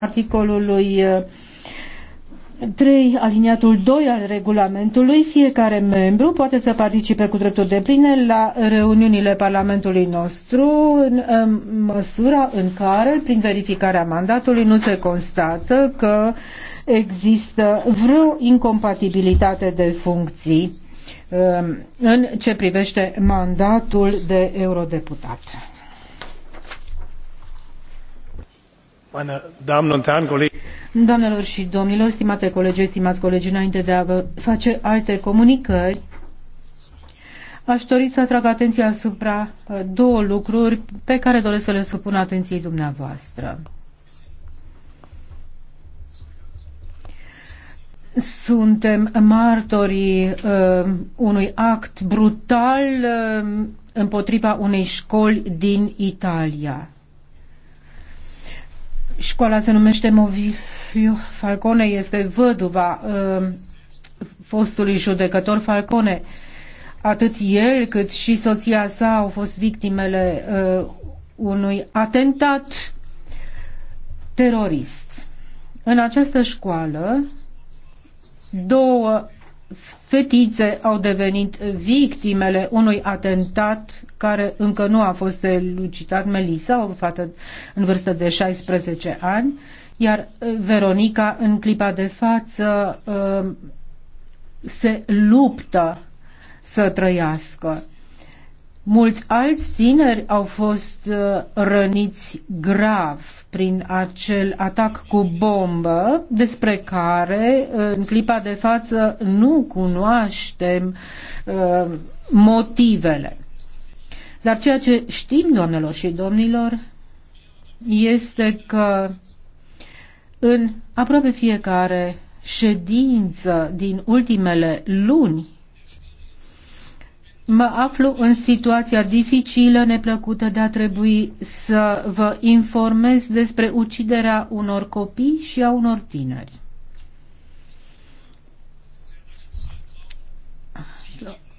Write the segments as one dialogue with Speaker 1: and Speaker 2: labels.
Speaker 1: articolului 3, uh, aliniatul 2 al regulamentului, fiecare membru poate să participe cu dreptul de pline la reuniunile Parlamentului nostru în, în măsura în care, prin verificarea mandatului, nu se constată că există vreo incompatibilitate de funcții uh, în ce privește mandatul de eurodeputat. Doamnelor și domnilor, stimate colegi, stimați colegi, înainte de a vă face alte comunicări, aș dori să atrag atenția asupra uh, două lucruri pe care doresc să le supun atenției dumneavoastră. Suntem martorii uh, unui act brutal uh, împotriva unei școli din Italia Școala se numește Movio Falcone, este văduva um, fostului judecător Falcone. Atât el cât și soția sa au fost victimele uh, unui atentat terorist. În această școală, două fetițe au devenit victimele unui atentat care încă nu a fost elucidat. Melissa, o fată în vârstă de 16 ani, iar uh, Veronica, în clipa de față, uh, se luptă să trăiască. Mulți alți tineri au fost uh, răniți grav prin acel atac cu bombă, despre care uh, în clipa de față nu cunoaștem uh, motivele. Dar ceea ce știm, doamnelor și domnilor, este că în aproape fiecare ședință din ultimele luni mă aflu în situația dificilă, neplăcută de a trebui să vă informez despre uciderea unor copii și a unor tineri.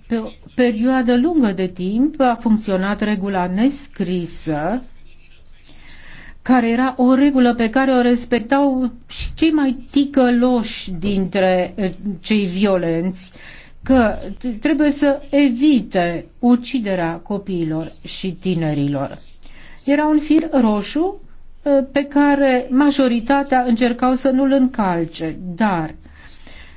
Speaker 1: Pe o perioadă lungă de timp a funcționat regula nescrisă, care era o regulă pe care o respectau și cei mai ticăloși dintre eh, cei violenți, că trebuie să evite uciderea copiilor și tinerilor. Era un fir roșu uh, pe care majoritatea încercau să nu-l încalce, dar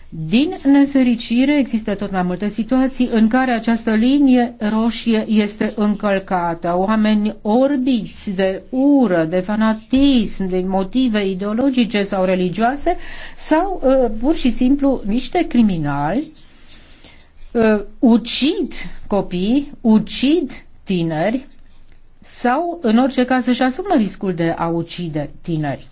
Speaker 1: din nefericire există tot mai multe situații în care această linie roșie este încălcată. Oameni orbiți de ură, de fanatism, de motive ideologice sau religioase sau uh, pur și simplu niște criminali uh, ucid copii, ucid tineri sau, în orice caz, își asumă riscul de a ucide tineri.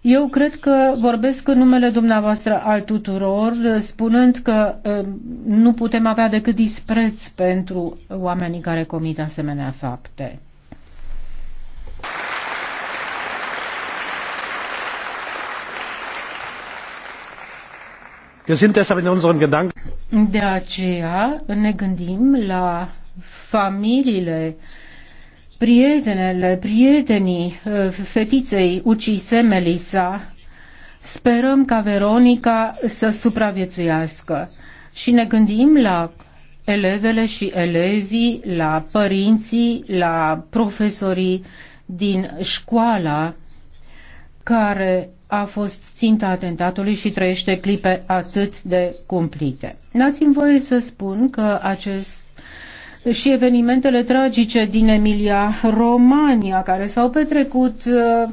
Speaker 1: Eu cred că vorbesc în numele dumneavoastră al tuturor, uh, spunând că uh, nu putem avea decât dispreț pentru oamenii care comit asemenea fapte. Wir sind deshalb in unseren Gedanken de aceea ne gândim la familiile, prietenele, prietenii uh, fetiței ucise Melisa. Sperăm ca Veronica să supraviețuiască și ne gândim la elevele și elevii, la părinții, la profesorii din școala care a fost ținta atentatului și trăiește clipe atât de cumplite. Dați-mi voie să spun că acest și evenimentele tragice din Emilia Romania, care s-au petrecut uh,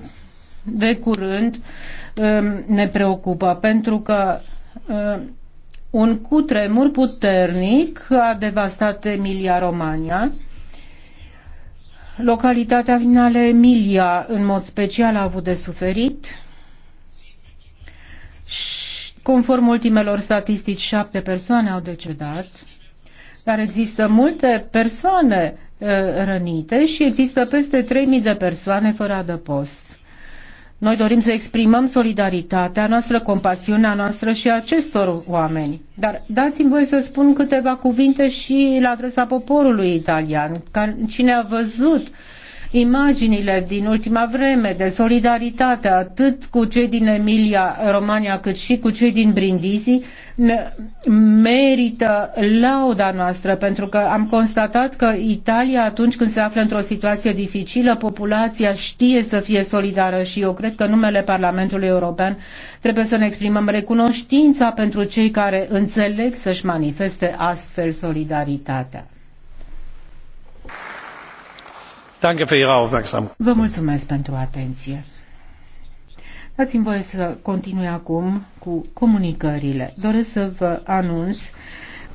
Speaker 1: de curând, um, ne preocupă, pentru că um, un cutremur puternic a devastat Emilia Romania. Localitatea finală Emilia, în mod special, a avut de suferit Conform ultimelor statistici, șapte persoane au decedat, dar există multe persoane uh, rănite și există peste 3.000 de persoane fără adăpost. Noi dorim să exprimăm solidaritatea noastră, compasiunea noastră și acestor oameni. Dar dați-mi voi să spun câteva cuvinte și la adresa poporului italian. Cine a văzut uh, imaginile din ultima vreme de solidaritate atât cu cei din Emilia Romania cât și cu cei din Brindisi merită lauda noastră pentru că am constatat că Italia atunci când se află într-o situație dificilă, populația știe să fie solidară și eu cred că numele Parlamentului European trebuie să ne exprimăm recunoștința pentru cei care înțeleg să-și manifeste astfel solidaritatea. Vă mulțumesc pentru atenție. Dați-mi voie să continui acum cu comunicările. Doresc să vă anunț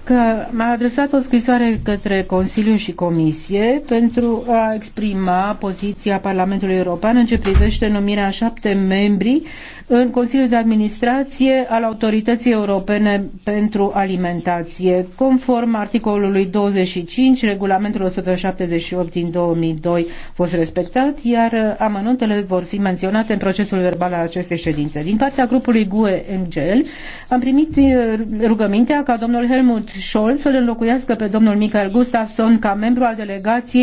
Speaker 1: că m-a adresat o scrisoare către Consiliu și Comisie pentru a exprima poziția Parlamentului European în ce privește numirea șapte membri în Consiliul de Administrație al Autorității Europene pentru Alimentație, conform articolului 25, regulamentul 178 din 2002 fost respectat, iar amănuntele vor fi menționate în procesul verbal al acestei ședințe. Din partea grupului GUE-NGL am primit eh, rugămintea ca domnul Helmut Scholz să-l înlocuiască pe domnul Michael Gustafsson ca membru al delegației